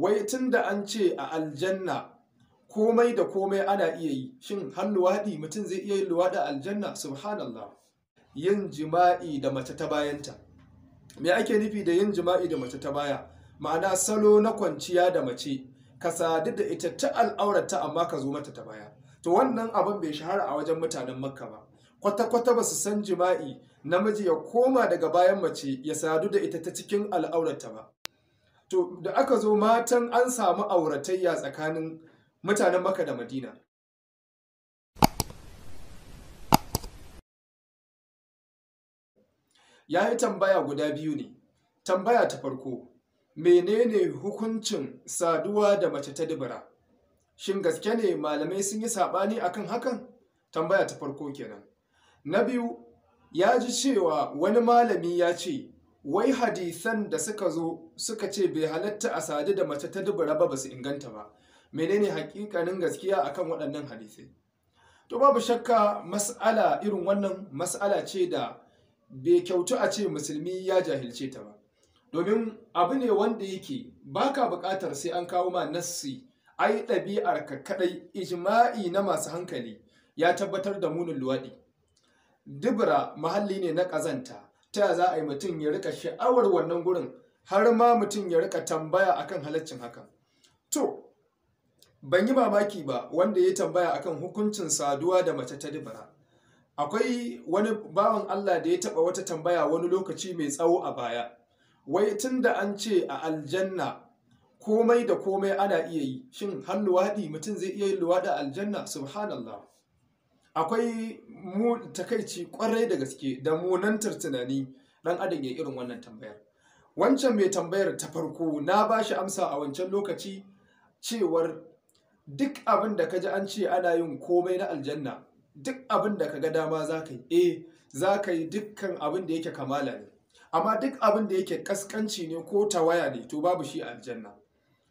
wai tun da an ce a aljanna komai da komai ana iya yi shin har luwaɗi mutum zai iya yi luwaɗa aljanna subhanallah yin jima'i da mace ta bayanta me ake nufi da yin jima'i da mace ta baya ma'ana salo na kwanciya da mace ka sadu da ita ta al'aurata amma ka zo mata ta baya to wannan abin bai shahara a wajen mutanen makka ba kwata-kwata ba su san jima'i namiji ya koma daga bayan mace ya sadu da ita ta cikin al'aurata ba to da aka zo matan an samu auratayya tsakanin mutanen maka da madina ya yi tambaya guda biyu ne tambaya ta farko menene hukuncin saduwa da mace ta dubura shin gaske ne malamai sun yi saɓani akan hakan tambaya ta farko kenan na biyu ya ji cewa wani malami ya ce wai hadisan da suka zo suka ce bai halatta a sadu da mace ta dubura ba su inganta ba menene hakikanin gaskiya akan waɗannan hadisai to babu shakka mas'ala irin wannan mas'ala ce da bai kyautu a ce musulmi ya jahilce ta ba domin abu ne wanda yake baka buƙatar sai an kawo ma nassi ai ɗabi'ar ka kaɗai ijma'i na masu hankali ya tabbatar da munin luwaɗi dubura muhalli ne na ƙazanta ta za a yi mutum ya rika sha'awar wannan gurin har ma mutum ya rika tambaya akan halaccin hakan to ban yi mamaki ba wanda ya tambaya akan hukuncin saduwa da mace ta dubara akwai wani bawan Allah da ya taba wata tambaya wani lokaci mai tsawo a baya wai tunda an ce a aljanna komai da komai ana iya yi shin har luwaɗi mutum zai iya yi luwaɗi aljanna subhanallah akwai mu takaici kwarai da gaske da munantar tunani dan adam ya irin wannan tambayar wancan mai tambayar ta farko na ba shi amsa a wancan lokaci cewar duk abin da ka ji an ce ana yin komai na aljanna duk abin da ka ga dama za ka yi eh za ka yi dukkan abin da yake kamala ne amma duk abin da yake kaskanci ne ko tawaya ne to babu shi a aljanna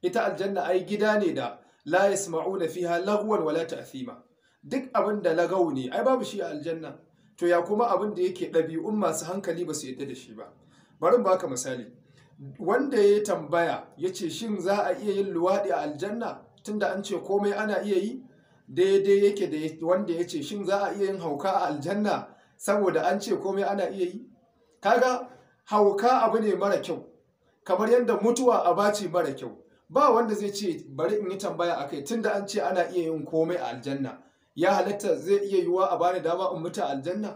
ita aljanna ai gida ne da la yasma'una fiha lagwan wala ta'thima duk abin da lagau ne ai babu shi a aljanna to ya kuma abin da yake ɗabi'un masu hankali ba su yadda da shi ba bari baka misali wanda ya tambaya ya shin za a iya yin luwaɗi a aljanna tunda an ce komai ana iya yi daidai yake da wanda yace shin za a iya yin hauka a aljanna saboda an ce komai ana iya yi kaga hauka abu ne mara kyau kamar yadda mutuwa a baci mara kyau ba wanda zai ce bari in yi tambaya akai tunda an ce ana iya yin komai a aljanna ya halatta zai iya yiwuwa a bani dama in mutu aljanna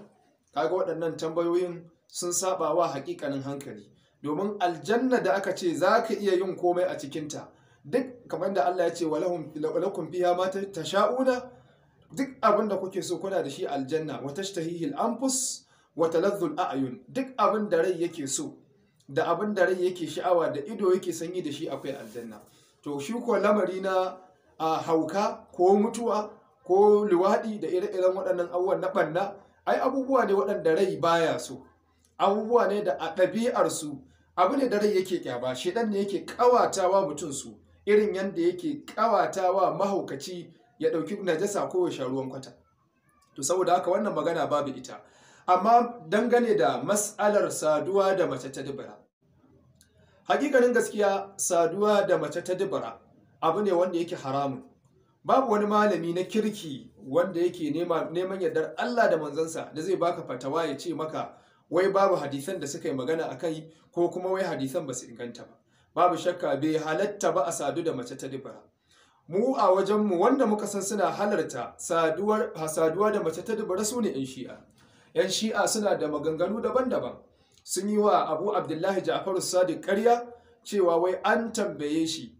kaga waɗannan tambayoyin sun saba wa hakikanin hankali domin aljanna da aka ce za ka iya yin komai a cikinta duk kamar da Allah ya ce walakum mata ta sha'una. duk abin da kuke so kuna da shi aljanna wa tashtahihi al-anfus wa taladhdhu al-a'yun duk abin da rai yake so da abin da rai yake sha'awa da ido yake sanyi da shi akwai aljanna to shi ko lamari na hauka ko mutuwa ko luwaɗi da ire-iren waɗannan abubuwan na ɓanna ai abubuwa ne waɗanda rai baya so abubuwa ne da a ɗabi'arsu abu ne da rai yake ƙyaba shedan ne yake ƙawatawa mutum su irin yadda yake ƙawatawa mahaukaci ya ɗauki najasa ko ya sha ruwan kwata to saboda haka wannan magana babu ita amma dangane da mas'alar saduwa da mace ta dubura hakikanin gaskiya saduwa da mace ta dubura abu ne wanda yake haramun babu wani malami na kirki wanda yake neman yardar Allah da manzansa da zai baka fatawa ya ce maka wai babu hadisan da suka yi magana a kai ko kuma wai hadisan ba su inganta ba babu shakka bai halatta ba a sadu da mace ta dubura mu a wajenmu wanda muka san suna halarta saduwa da mace ta dubura su ne 'yan shi'a 'yan shi'a suna da maganganu daban-daban sun yi wa abu abdullahi ja'faru sadiq karya cewa wai an tambaye shi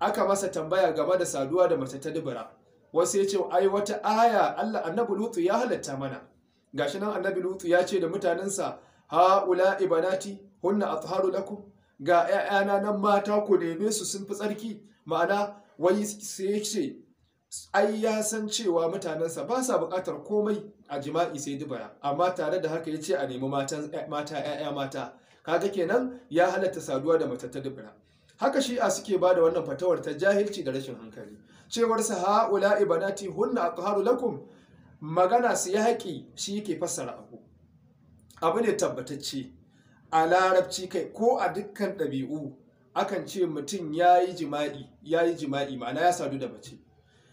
aka masa tambaya game da saduwa da mace ta dubura wasu ya ce ai wata aya Allah annabi lutu ya halatta mana gashi nan annabi lutu ya ce da mutanensa ula ibanati hunna atharu lakum ga ƴaƴana nan mata ku neme su sun fi tsarki ma'ana wani sai ce ai ya san cewa mutanensa ba sa buƙatar komai a jima'i sai dubara amma tare da haka ya ce a nemi mata ƴaƴa mata kaga kenan ya halatta saduwa da mace ta dubura haka shi a suke ba da wannan fatawar ta jahilci da rashin hankali cewar sa ha'ula ibanati hunna aqharu lakum magana su ya haƙi shi yake fassara abu abu ne tabbatacce a larabci kai ko a dukkan ɗabi'u akan ce mutum ya yi jima'i ya yi jima'i ma'ana ya sadu da mace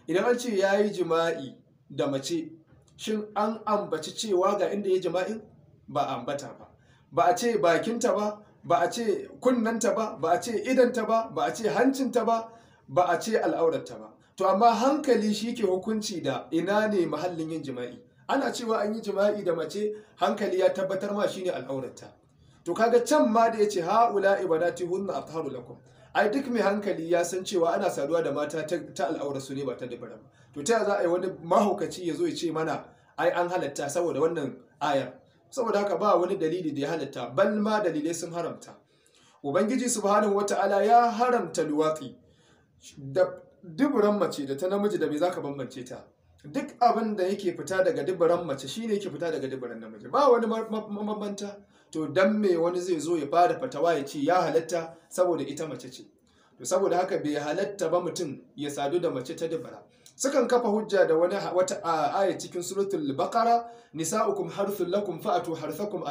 idan an ce ya yi jima'i da mace shin an ambaci cewa ga inda ya jima'in ba ambata ba ba a ce bakinta ba ba a ce kunnanta ba ba a ce idanta ba ba a ce hancinta ba ba a ce al'aurarta ba to amma hankali shi ke hukunci da ina ne mahallin yin jima'i ana cewa an yi jima'i da mace hankali ya tabbatar ma shine al'aurarta to kaga can ma da ya ce haula ibadati hunna atharu lakum ai duk mai hankali ya san cewa ana saduwa da mata ta, al'aurar su ne ba ta dubara to ta za a yi wani mahaukaci ya zo ya ce mana ai an halatta saboda wannan ayar saboda haka ba wani dalili da ya halatta bal ma dalilai sun haramta ubangiji subhanahu wata'ala ya haramta luwatsi da duburan mace da ta namiji da me zaka bambance ta duk abin da yake fita daga duburan mace shine yake fita daga duburan namiji ba wani mabambanta to dan me wani zai zo ya fada fatawa ya ce ya halatta saboda ita mace ce to saboda haka bai halatta ba mutum ya sadu da mace ta dubura sukan kafa hujja da wani wata aya cikin suratul baqara nisa'ukum harthul lakum fa'atu harthakum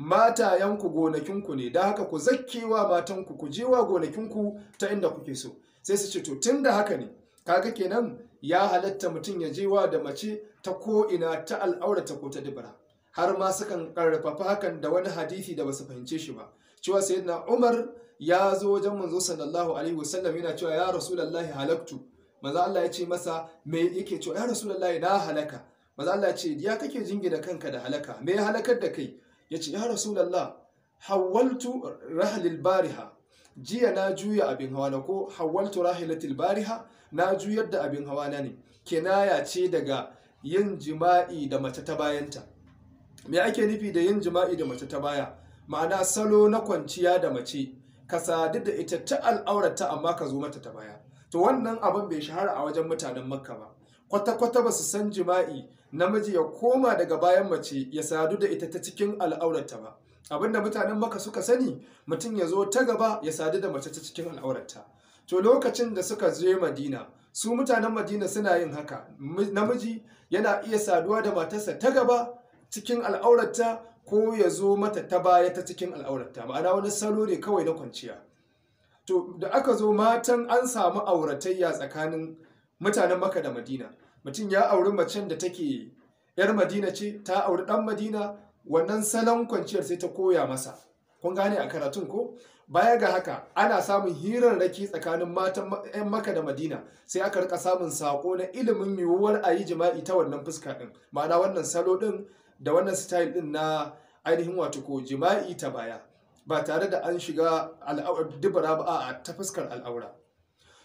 Mata yanku gonakinku ne da haka ku zakkewa matanku ku jewa gonakinku ta inda kuke so sai su ce to da haka ne kaga kenan ya halatta mutum ya jewa da mace ta ko ina ta al'aurata ko ta dubara har ma sukan karfafa hakan da wani hadisi da basu fahimce shi ba cewa sayyidina Umar ya zo wajen manzo sallallahu alaihi wasallam yana cewa ya rasulullahi halaktu manzo Allah ya ce masa me yake cewa ya rasulullahi na halaka manzo Allah ya ce ya kake jingina kanka da halaka me ya halakar da kai ya ce ya rasulullah hawaltu rahlil bariha jiya na juya abin hawa na ko hawaltu rahilatil bariha na juyar da abin hawa na ne kinaya ce daga yin jima'i da mace ta bayanta me ake nufi da yin jima'i da mace ta baya ma'ana salo na kwanciya da mace ka sadu da ita ta al'aurata amma ka zo mata ta baya to wannan abin bai shahara a wajen mutanen makka ba kwata-kwata ba su san jima'i namiji ya koma daga bayan mace ya sadu da ita ta cikin al'aurata ba Abin da mutanen Makka suka sani mutum ya zo ta gaba ya sadu da mace ta cikin al'aurata to lokacin da suka zo madina su mutanen madina suna yin haka namiji yana iya saduwa da matarsa ta gaba cikin al'aurata ko ya zo mata ta baya ta cikin al'aurata ma'ana wani salo ne kawai na kwanciya to da aka zo matan an samu auratayya tsakanin mutanen maka da madina mutum ya auri macen da take yar madina ce ta auri dan madina wannan salon kwanciyar sai ta koya masa kun gane a karatun ko baya ga haka ana samun hirar raki tsakanin matan yan maka da madina sai aka rika samun sako na ilimin yiwuwar a yi jima'i ta wannan fuska din ma'ana wannan salo din da wannan style din na ainihin wato ko jima'i ta baya ba tare da an shiga dubara ba a ta fuskar al'aura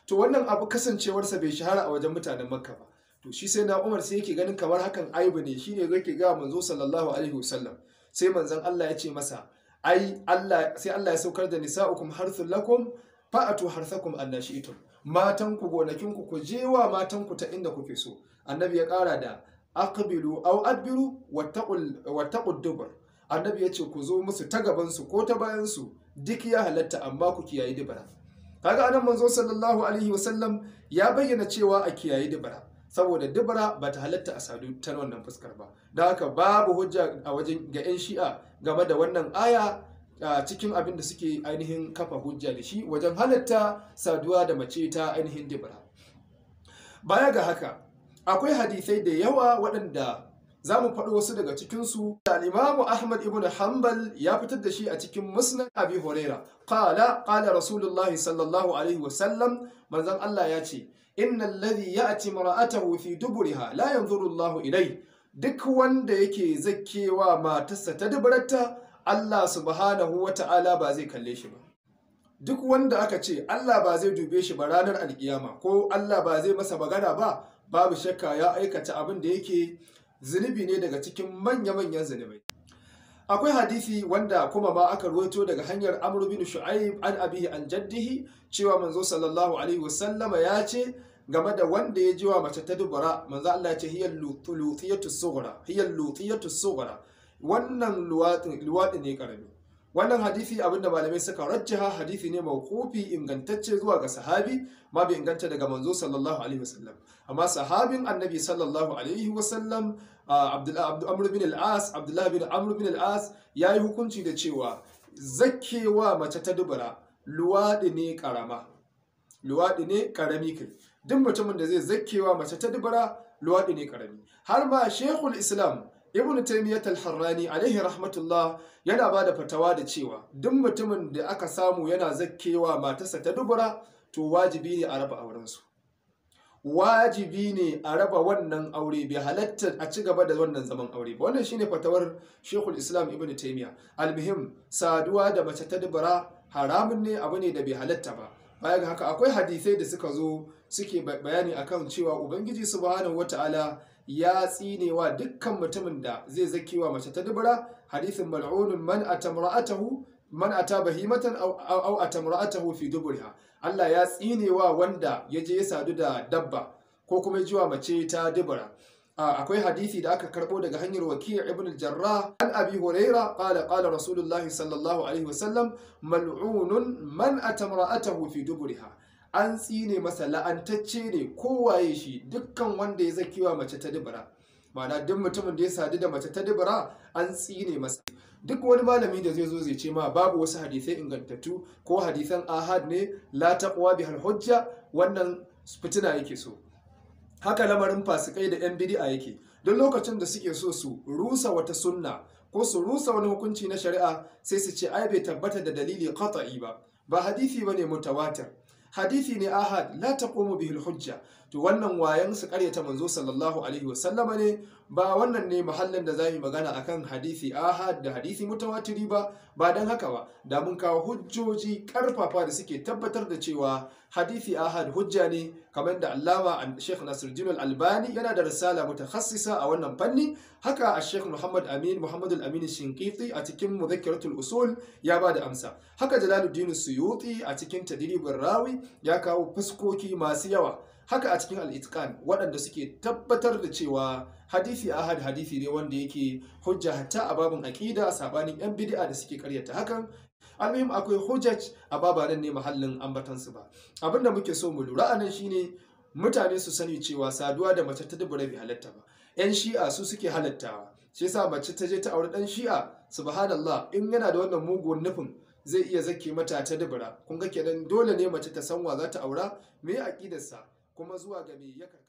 to wannan abu kasancewarsa bai shahara a wajen mutanen makka ba to shi sai na umar sai yake ganin kamar hakan aibu ne shine yake ga manzo sallallahu alaihi wasallam sai manzon Allah ya ce masa ai Allah sai Allah ya saukar da nisa'ukum harthul lakum fa'atu harthakum annashitum matan ku gonakin ku ku je wa matan ku ta inda kuke so annabi ya kara da aqbilu aw adbiru wattaqul wattaqud dubar annabi ya ce ku zo musu ta gabansu ko ta bayansu duk ya halatta amma ku kiyayi dubara kaga anan manzo sallallahu alaihi wasallam ya bayyana cewa a kiyayi dubara saboda dubara ba ta halatta a sadu ta wannan fuskar ba da haka babu hujja a wajen ga yan shi'a game da wannan aya a cikin abin da suke ainihin kafa hujja da shi wajen halatta saduwa da mace ta ainihin dubara baya ga haka akwai hadisai da yawa waɗanda za mu faɗo wasu daga cikinsu imamu ahmad ibn hanbal ya fitar da shi a cikin musnad abi huraira qala qala rasulullahi sallallahu alaihi wasallam manzon allah ya ce inna alladhi ya'ti mar'atahu fi duburiha la yanzuru allahu ilai duk wanda yake zakkewa matarsa ta dubarta allah subhanahu wata'ala ba zai kalle shi ba duk wanda aka ce allah ba zai dube shi ba ranar alkiyama ko allah ba zai masa magana ba babu shakka ya aikata abin da yake zunubi ne daga cikin manya-manyan zunubai akwai hadisi wanda kuma ma aka ruwaito daga hanyar amr bin shu'aib an abihi an jaddihi cewa manzo sallallahu alaihi wasallama ya ce game da wanda ya ji wa mace ta dubara manzo Allah ya ce hiya lutiyatu sughra hiya wannan luwaɗi ne karami wannan hadithi abinda malamai suka rajjaha hadithi ne mawqufi ingantacce zuwa ga sahabi ma bai inganta daga manzo sallallahu alaihi wasallam amma sahabin annabi sallallahu alaihi wasallam Abdullah Amr bin al-As Abdullah bin Amr bin al-As yayi hukunci da cewa zakkewa mace ta dubura luwaɗi ne karama luwaɗi ne karami kai duk mutumin da zai zakkewa mace ta dubura luwaɗi ne karami har ma shekul Islam ibn taymiyyah al-harrani alaihi rahmatullah yana ba da fatawa da cewa duk mutumin da aka samu yana zakkewa matarsa ta dubura to wajibi ne a raba auren wajibi ne a raba wannan aure bai halatta a ci gaba da wannan zaman aure ba wannan shine fatawar shekul islam ibn taymiyyah almuhim saduwa da mace ta dubura haramun ne abu ne da bai halatta ba baya ga haka akwai hadisai da suka zo suke bayani akan cewa ubangiji subhanahu wataala ya tsinewa dukkan mutumin da zai wa mace ta dubura hadisin mal'unun man atamra'atahu man ata bahimatan aw atamra'atahu fi duburha Allah ya tsinewa wanda ya je ya sadu da dabba ko kuma ya jiwa mace ta dubura akwai hadisi da aka karbo daga hanyar waki' ibn al-jarrah an abi huraira qala qala rasulullahi sallallahu alaihi wasallam mal'unun man atamra'atahu fi duburha an tsine masa la'antacce ne kowaye shi dukkan wanda ya zakiwa mace ta dubura ma'ana duk mutumin da ya sadu da mace ta dubura an tsine masa duk wani malami da zai zo zai ce ma babu wasu hadisai ingantattu ko hadisan ahad ne la taqwa bihal hujja wannan fitina yake so haka lamarin fasikai da yan bid'a yake Duk lokacin da suke so su rusa wata sunna ko su rusa wani hukunci na shari'a sai su ce ai bai tabbata da dalili qat'i ba ba hadisi bane mutawatir hadisi ne ahad la taqumu bihi hujja to wannan wayan su karyata manzo sallallahu alaihi ne ba wannan ne mahallin da zamu magana akan hadisi ahad da hadisi mutawatiri ba ba dan haka ba da mun kawo hujjoji karfafa da suke tabbatar da cewa hadisi ahad hujja ne kamar da Allama Sheikh Nasiruddin Al-Albani yana da risala mutakhassisa a wannan fanni haka Sheikh Muhammad Amin Muhammad Al-Amin Shinqiti a cikin Mudhakkaratul Usul ya ba da amsa haka Jalaluddin Suyuti a cikin Tadribur Rawi ya kawo fuskoki masu yawa haka a cikin al'itikan waɗanda suke tabbatar da cewa hadisi ahad hadisi ne wanda yake hujja hatta a babin aƙida sabanin yan bid'a da suke karyata hakan almuhim akwai hujjaj a babaran ne mahallin ambatansu ba abinda muke so mu lura nan shine mutane su sani cewa saduwa da mace ta dubura bai halatta ba yan shi'a su suke halattawa shi yasa mace ta je ta auri dan shi'a subhanallah in yana da wannan mugun nufin zai iya zake mata ta dubura kun ga kenan dole ne mace ta san wa za ta aura me aƙidarsa kuma zuwa ga me ya